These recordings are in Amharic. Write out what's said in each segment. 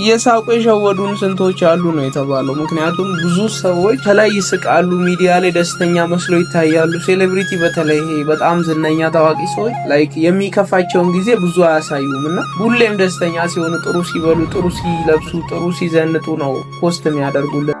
እየሳቁ የሸወዱን ስንቶች አሉ ነው የተባለው። ምክንያቱም ብዙ ሰዎች ከላይ ይስቃሉ፣ ሚዲያ ላይ ደስተኛ መስሎ ይታያሉ። ሴሌብሪቲ በተለይ በጣም ዝነኛ ታዋቂ ሰዎች ላይክ የሚከፋቸውን ጊዜ ብዙ አያሳዩም እና ሁሌም ደስተኛ ሲሆኑ ጥሩ ሲበሉ፣ ጥሩ ሲለብሱ፣ ጥሩ ሲዘንጡ ነው ፖስት የሚያደርጉልን።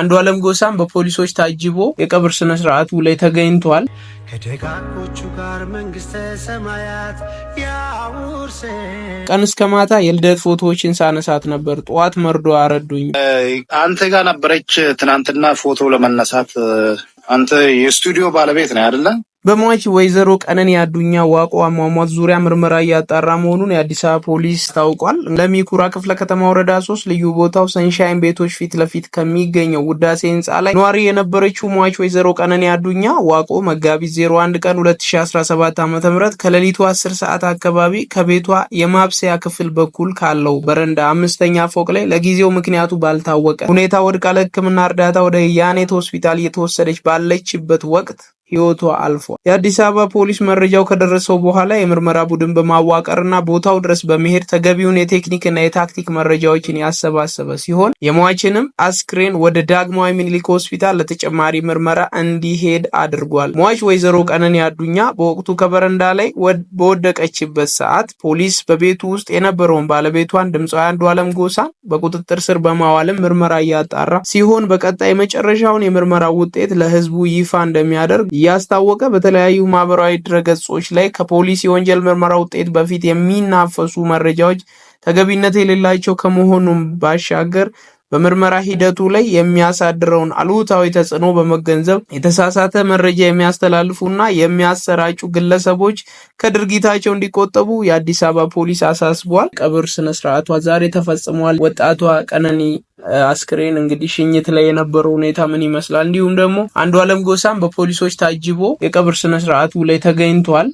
አንዱ አለም ጎሳም በፖሊሶች ታጅቦ የቀብር ስነ ስርዓቱ ላይ ተገኝቷል። ከደጋጎቹ ጋር መንግስተ ሰማያት ያውርስ። ቀን እስከ ማታ የልደት ፎቶዎችን ሳነሳት ነበር። ጠዋት መርዶ አረዱኝ። አንተ ጋር ነበረች ትናንትና ፎቶ ለመነሳት። አንተ የስቱዲዮ ባለቤት ነህ አይደለ? በሟች ወይዘሮ ቀነኒ አዱኛ ዋቆ አሟሟት ዙሪያ ምርመራ እያጣራ መሆኑን የአዲስ አበባ ፖሊስ ታውቋል። ለሚኩራ ክፍለ ከተማ ወረዳ ሶስት ልዩ ቦታው ሰንሻይን ቤቶች ፊት ለፊት ከሚገኘው ውዳሴ ህንፃ ላይ ነዋሪ የነበረችው ሟች ወይዘሮ ቀነኒ አዱኛ ዋቆ መጋቢት 01 ቀን 2017 ዓ ም ከሌሊቱ 10 ሰዓት አካባቢ ከቤቷ የማብሰያ ክፍል በኩል ካለው በረንዳ አምስተኛ ፎቅ ላይ ለጊዜው ምክንያቱ ባልታወቀ ሁኔታ ወድቃ ለሕክምና እርዳታ ወደ ያኔት ሆስፒታል እየተወሰደች ባለችበት ወቅት ህይወቷ አልፏል። የአዲስ አበባ ፖሊስ መረጃው ከደረሰው በኋላ የምርመራ ቡድን በማዋቀርና ቦታው ድረስ በመሄድ ተገቢውን የቴክኒክና የታክቲክ መረጃዎችን ያሰባሰበ ሲሆን የሟችንም አስክሬን ወደ ዳግማዊ ምኒልክ ሆስፒታል ለተጨማሪ ምርመራ እንዲሄድ አድርጓል። ሟች ወይዘሮ ቀነኒ አዱኛ በወቅቱ ከበረንዳ ላይ በወደቀችበት ሰዓት ፖሊስ በቤቱ ውስጥ የነበረውን ባለቤቷን ድምፃዊ አንዱዓለም ጎሳን በቁጥጥር ስር በማዋልም ምርመራ እያጣራ ሲሆን በቀጣይ መጨረሻውን የምርመራ ውጤት ለህዝቡ ይፋ እንደሚያደርግ እያስታወቀ በተለያዩ ማህበራዊ ድረገጾች ላይ ከፖሊስ የወንጀል ምርመራ ውጤት በፊት የሚናፈሱ መረጃዎች ተገቢነት የሌላቸው ከመሆኑም ባሻገር በምርመራ ሂደቱ ላይ የሚያሳድረውን አሉታዊ ተጽዕኖ በመገንዘብ የተሳሳተ መረጃ የሚያስተላልፉና የሚያሰራጩ ግለሰቦች ከድርጊታቸው እንዲቆጠቡ የአዲስ አበባ ፖሊስ አሳስቧል። ቀብር ስነስርዓቷ ዛሬ ተፈጽሟል። ወጣቷ ቀነኒ አስክሬን እንግዲህ ሽኝት ላይ የነበረው ሁኔታ ምን ይመስላል? እንዲሁም ደግሞ አንዱ አለም ጎሳም በፖሊሶች ታጅቦ የቀብር ስነስርዓቱ ላይ ተገኝቷል።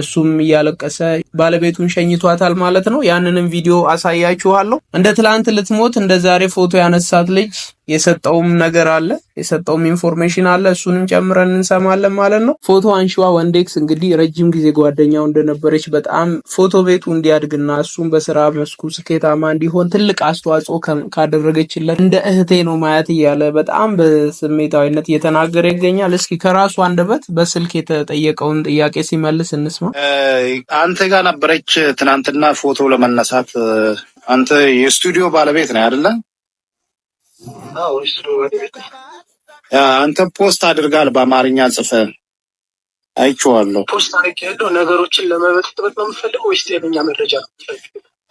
እሱም እያለቀሰ ባለቤቱን ሸኝቷታል ማለት ነው። ያንንም ቪዲዮ አሳያችኋለሁ። እንደ ትላንት ልትሞት እንደ ዛሬ ፎቶ ያነሳት ልጅ የሰጠውም ነገር አለ፣ የሰጠውም ኢንፎርሜሽን አለ። እሱንም ጨምረን እንሰማለን ማለት ነው። ፎቶ አንሺዋ ወንዴክስ እንግዲህ ረጅም ጊዜ ጓደኛው እንደነበረች በጣም ፎቶ ቤቱ እንዲያድግና እሱም በስራ መስኩ ስኬታማ እንዲሆን ትልቅ አስተዋጽኦ ካደረገችለት እንደ እህቴ ነው ማየት እያለ በጣም በስሜታዊነት እየተናገረ ይገኛል። እስኪ ከራሱ አንደበት በስልክ የተጠየቀውን ጥያቄ ሲመልስ እንስማ። አንተ ጋር ነበረች ትናንትና ፎቶ ለመነሳት አንተ የስቱዲዮ ባለቤት ነው አይደለ? አንተ ፖስት አድርጋል በአማርኛ ጽፈ አይቼዋለሁ። ፖስት አድርግ ነገሮችን ለመበጥበጥ ነው የምፈልገው ወይስ ጤነኛ መረጃ ነው?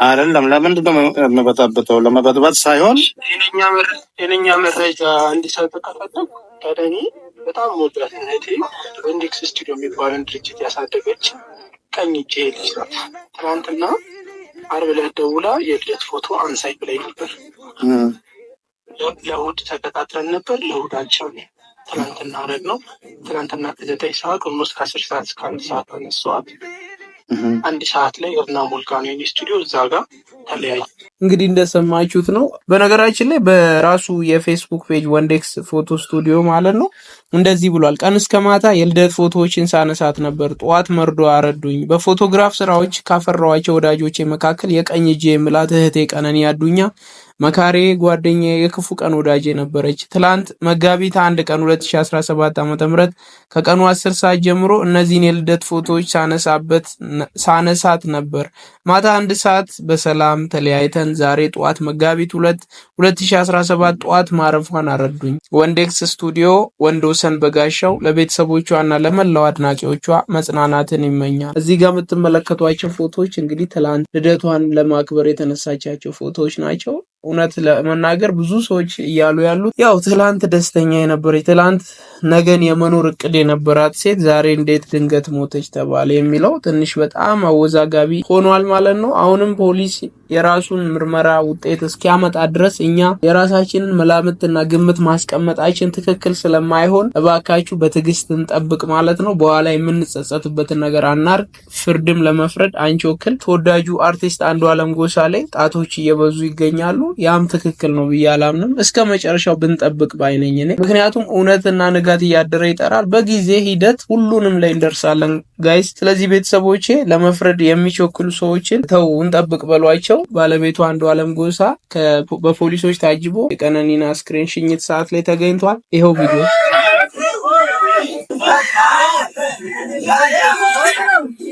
አይደለም። ለምንድን ነው የምበጠብጠው? ለመበጥበጥ ሳይሆን ጤነኛ መረጃ እንዲሰጥ ከፈለግ ቀደኒ በጣም መወዳት እህቴ ኢንዴክስ ስቱዲዮ የሚባለን ድርጅት ያሳደገች ቀኝ እጄ ልጅ ናት። ትናንትና አርብ ዕለት ደውላ የልደት ፎቶ አንሳይ ብላኝ ነበር። ለእሑድ ተቀጣጥረን ነበር። ለእሑዳቸው ትናንትና ረድ ነው። ትናንትና ከዘጠኝ ሰዓት ኦልሞስት ከአስር ሰዓት እስከ አንድ ሰዓት አነሰዋል። አንድ ሰዓት ላይ እርና ሞልካኖ ስቱዲዮ እዛ ጋር ተለያዩ። እንግዲህ እንደሰማችሁት ነው። በነገራችን ላይ በራሱ የፌስቡክ ፔጅ ወንዴክስ ፎቶ ስቱዲዮ ማለት ነው እንደዚህ ብሏል። ቀን እስከ ማታ የልደት ፎቶዎችን ሳነሳት ነበር። ጠዋት መርዶ አረዱኝ። በፎቶግራፍ ስራዎች ካፈራዋቸው ወዳጆቼ መካከል የቀኝ እጄ የምላት እህቴ ቀነኒ አዱኛ መካሬ ጓደኛዬ የክፉ ቀን ወዳጄ ነበረች። ትላንት መጋቢት አንድ ቀን 2017 ዓ.ም ከቀኑ 10 ሰዓት ጀምሮ እነዚህን የልደት ፎቶዎች ሳነሳበት ሳነሳት ነበር። ማታ አንድ ሰዓት በሰላም ተለያይተን ዛሬ ጠዋት መጋቢት 2 2017 ጠዋት ማረፏን አረዱኝ። ወንዴክስ ስቱዲዮ ወንዶሰን በጋሻው ለቤተሰቦቿና ለመላው አድናቂዎቿ መጽናናትን ይመኛል። እዚህ ጋር የምትመለከቷቸው ፎቶዎች እንግዲህ ትላንት ልደቷን ለማክበር የተነሳቻቸው ፎቶዎች ናቸው። እውነት ለመናገር ብዙ ሰዎች እያሉ ያሉት ያው ትላንት ደስተኛ የነበረች ትላንት ነገን የመኖር እቅድ የነበራት ሴት ዛሬ እንዴት ድንገት ሞተች ተባለ የሚለው ትንሽ በጣም አወዛጋቢ ሆኗል ማለት ነው። አሁንም ፖሊስ የራሱን ምርመራ ውጤት እስኪያመጣ ድረስ እኛ የራሳችንን መላምትና ግምት ማስቀመጣችን ትክክል ስለማይሆን እባካችሁ በትዕግስት እንጠብቅ ማለት ነው። በኋላ የምንጸጸትበትን ነገር አናርግ። ፍርድም ለመፍረድ አንቾክል ተወዳጁ አርቲስት አንዱ አለም ጎሳ ላይ ጣቶች እየበዙ ይገኛሉ። ያም ትክክል ነው ብዬ አላምንም። እስከ መጨረሻው ብንጠብቅ ባይነኝ እኔ ምክንያቱም እውነትና ንጋ እምነት እያደረ ይጠራል። በጊዜ ሂደት ሁሉንም ላይ እንደርሳለን ጋይስ። ስለዚህ ቤተሰቦቼ ለመፍረድ የሚቸኩሉ ሰዎችን ተው እንጠብቅ በሏቸው። ባለቤቱ አንዱ አለም ጎሳ በፖሊሶች ታጅቦ የቀነኒና ስክሪን ሽኝት ሰዓት ላይ ተገኝቷል። ይኸው ቪዲዮ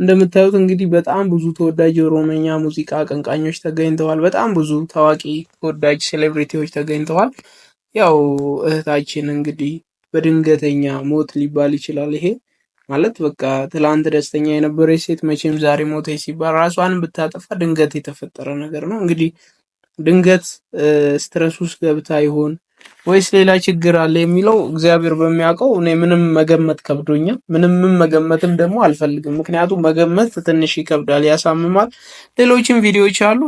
እንደምታዩት እንግዲህ በጣም ብዙ ተወዳጅ የኦሮመኛ ሙዚቃ አቀንቃኞች ተገኝተዋል። በጣም ብዙ ታዋቂ ተወዳጅ ሴሌብሪቲዎች ተገኝተዋል። ያው እህታችን እንግዲህ በድንገተኛ ሞት ሊባል ይችላል ይሄ ማለት በቃ ትላንት ደስተኛ የነበረች ሴት መቼም ዛሬ ሞተች ሲባል ራሷን ብታጠፋ ድንገት የተፈጠረ ነገር ነው። እንግዲህ ድንገት ስትረስ ውስጥ ገብታ ይሆን ወይስ ሌላ ችግር አለ የሚለው እግዚአብሔር በሚያውቀው እኔ ምንም መገመት ከብዶኛል። ምንምም መገመትም ደግሞ አልፈልግም። ምክንያቱም መገመት ትንሽ ይከብዳል፣ ያሳምማል። ሌሎችም ቪዲዮዎች አሉ።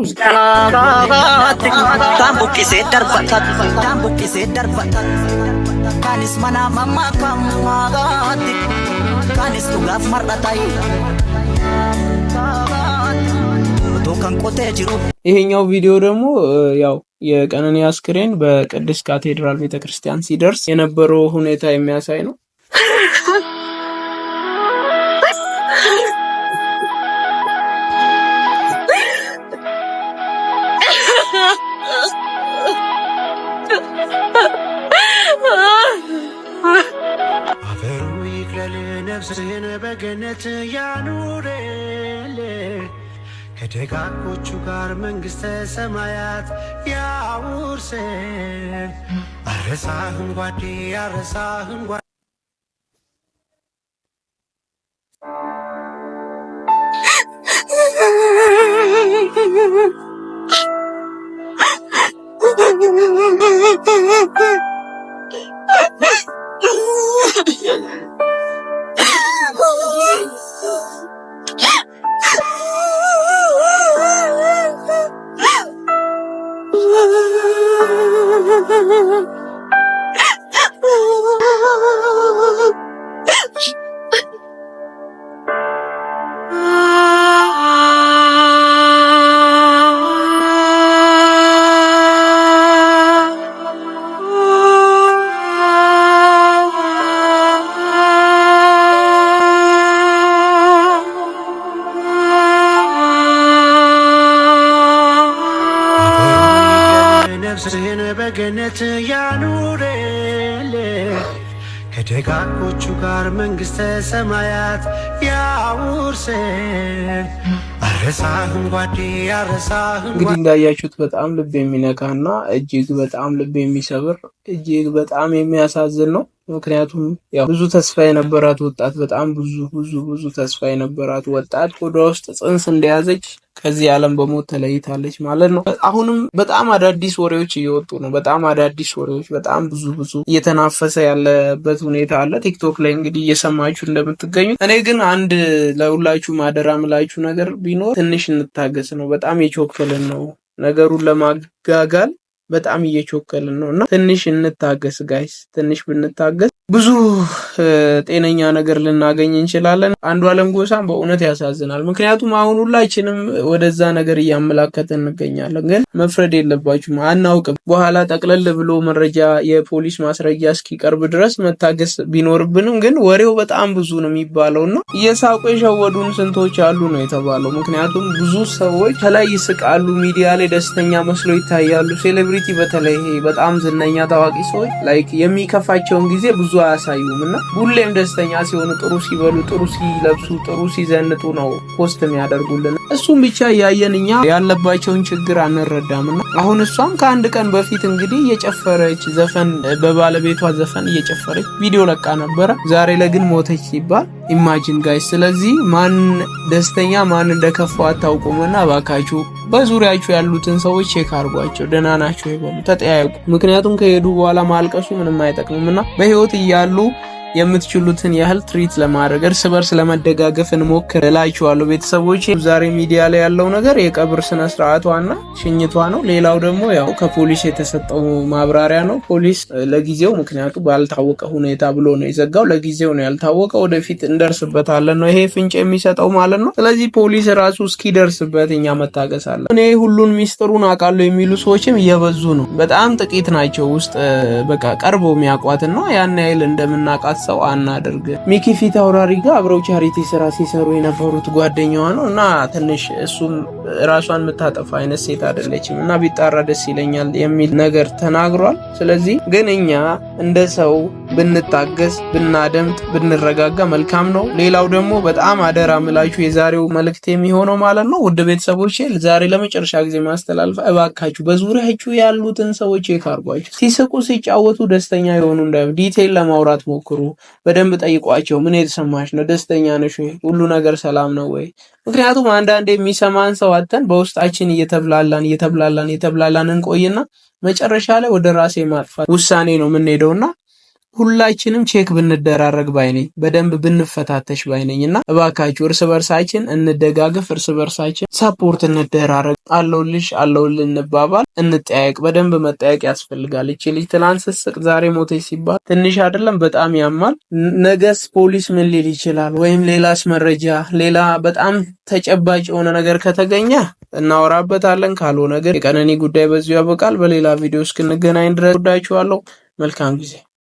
Aanis dhugaaf mar'atayu ይሄኛው ቪዲዮ ደግሞ uh, ያው የቀነኒ አስክሬን በቅድስት ካቴድራል ቤተክርስቲያን ሲደርስ የነበረው ሁኔታ የሚያሳይ ነው። ነፍስን በገነት ያኑርል ከደጋጎቹ ጋር መንግሥተ ሰማያት ያውርስ። አረሳህም ጓዴ አረሳህም ጓዴ 嗯嗯嗯。በገነት ያኑርል ከደጋጎቹ ጋር መንግሥተ ሰማያት ያውርስል። አረሳህም ጓዴ አረሳህም። እንግዲህ እንዳያችሁት በጣም ልብ የሚነካና እጅግ በጣም ልብ የሚሰብር እጅግ በጣም የሚያሳዝን ነው። ምክንያቱም ያው ብዙ ተስፋ የነበራት ወጣት በጣም ብዙ ብዙ ብዙ ተስፋ የነበራት ወጣት ቆዳ ውስጥ ጽንስ እንደያዘች ከዚህ ዓለም በሞት ተለይታለች ማለት ነው። አሁንም በጣም አዳዲስ ወሬዎች እየወጡ ነው። በጣም አዳዲስ ወሬዎች፣ በጣም ብዙ ብዙ እየተናፈሰ ያለበት ሁኔታ አለ ቲክቶክ ላይ እንግዲህ እየሰማችሁ እንደምትገኙ። እኔ ግን አንድ ለሁላችሁ ማደራ ምላችሁ ነገር ቢኖር ትንሽ እንታገስ ነው። በጣም የቾክልን ነው ነገሩን ለማጋጋል በጣም እየቾከልን ነው እና ትንሽ እንታገስ ጋይስ፣ ትንሽ ብንታገስ ብዙ ጤነኛ ነገር ልናገኝ እንችላለን። አለም ጎሳን በእውነት ያሳዝናል። ምክንያቱም አሁን ሁላችንም ወደዛ ነገር እያመላከትን እንገኛለን። ግን መፍረድ የለባችሁም አናውቅም። በኋላ ጠቅለል ብሎ መረጃ የፖሊስ ማስረጃ እስኪቀርብ ድረስ መታገስ ቢኖርብንም ግን ወሬው በጣም ብዙ ነው የሚባለው እና እየሳቁ የሸወዱን ስንቶች አሉ ነው የተባለው። ምክንያቱም ብዙ ሰዎች ከላይ ይስቃሉ፣ ሚዲያ ላይ ደስተኛ መስሎ ይታያሉ ሴሌብሪ ሴሌብሪቲ በተለይ ይሄ በጣም ዝነኛ ታዋቂ ሰዎች ላይክ የሚከፋቸውን ጊዜ ብዙ አያሳዩም እና ሁሌም ደስተኛ ሲሆኑ፣ ጥሩ ሲበሉ፣ ጥሩ ሲለብሱ፣ ጥሩ ሲዘንጡ ነው ፖስት የሚያደርጉልን። እሱም ብቻ እያየን እኛ ያለባቸውን ችግር አንረዳም እና አሁን እሷም ከአንድ ቀን በፊት እንግዲህ እየጨፈረች ዘፈን በባለቤቷ ዘፈን እየጨፈረች ቪዲዮ ለቃ ነበረ። ዛሬ ለግን ሞተች ሲባል ኢማጂን ጋይ። ስለዚህ ማን ደስተኛ ማን እንደከፋ አታውቁምና እባካችሁ በዙሪያችሁ ያሉትን ሰዎች ቼክ አርጓቸው ደህና ናችሁ? ናቸው የቆሙ ተጠያየቁ። ምክንያቱም ከሄዱ በኋላ ማልቀሱ ምንም አይጠቅምም እና በህይወት እያሉ የምትችሉትን ያህል ትሪት ለማድረግ እርስ በርስ ለመደጋገፍ እንሞክር እላችኋለሁ። ቤተሰቦች ዛሬ ሚዲያ ላይ ያለው ነገር የቀብር ስነ ስርዓቷና ሽኝቷ ነው። ሌላው ደግሞ ያው ከፖሊስ የተሰጠው ማብራሪያ ነው። ፖሊስ ለጊዜው ምክንያቱ ባልታወቀ ሁኔታ ብሎ ነው የዘጋው። ለጊዜው ነው ያልታወቀ፣ ወደፊት እንደርስበታለን ነው ይሄ ፍንጭ የሚሰጠው ማለት ነው። ስለዚህ ፖሊስ ራሱ እስኪደርስበት እኛ መታገስ አለን። እኔ ሁሉን ሚስጥሩን አውቃለሁ የሚሉ ሰዎችም እየበዙ ነው። በጣም ጥቂት ናቸው ውስጥ በቃ ቀርቦ የሚያውቋትና ያን ያህል እንደምናውቃት ሰው አናደርግ። ሚኪ ፊት አውራሪ ጋር አብረው ቻሪቲ ስራ ሲሰሩ የነበሩት ጓደኛዋ ነው እና ትንሽ እሱም ራሷን የምታጠፋ አይነት ሴት አይደለችም እና ቢጣራ ደስ ይለኛል የሚል ነገር ተናግሯል። ስለዚህ ግን እኛ እንደ ሰው ብንታገስ፣ ብናደምጥ፣ ብንረጋጋ መልካም ነው። ሌላው ደግሞ በጣም አደራ ምላችሁ የዛሬው መልእክት የሚሆነው ማለት ነው ውድ ቤተሰቦች ዛሬ ለመጨረሻ ጊዜ ማስተላልፈ እባካችሁ በዙሪያችሁ ያሉትን ሰዎች የካርጓችሁ ሲስቁ ሲጫወቱ ደስተኛ የሆኑ እንዳ ዲቴይል ለማውራት ሞክሩ። በደንብ ጠይቋቸው። ምን የተሰማሽ ነው? ደስተኛ ነሽ ወይ? ሁሉ ነገር ሰላም ነው ወይ? ምክንያቱም አንዳንድ የሚሰማን ሰው አተን በውስጣችን እየተብላላን እየተብላላን እየተብላላን እንቆይና መጨረሻ ላይ ወደ ራሴ ማጥፋት ውሳኔ ነው የምንሄደውና ሁላችንም ቼክ ብንደራረግ ባይነኝ በደንብ ብንፈታተሽ ባይነኝ እና እባካችሁ እርስ በርሳችን እንደጋገፍ፣ እርስ በርሳችን ሰፖርት እንደራረግ፣ አለውልሽ አለውል እንባባል፣ እንጠያየቅ። በደንብ መጠያየቅ ያስፈልጋል። እቺ ልጅ ትናንት ስትስቅ ዛሬ ሞተች ሲባል ትንሽ አይደለም፣ በጣም ያማል። ነገስ ፖሊስ ምን ሊል ይችላል? ወይም ሌላስ መረጃ፣ ሌላ በጣም ተጨባጭ የሆነ ነገር ከተገኘ እናወራበታለን። ካልሆነ ግን የቀነኒ ጉዳይ በዚሁ ያበቃል። በሌላ ቪዲዮ እስክንገናኝ ድረስ ወዳችኋለሁ። መልካም ጊዜ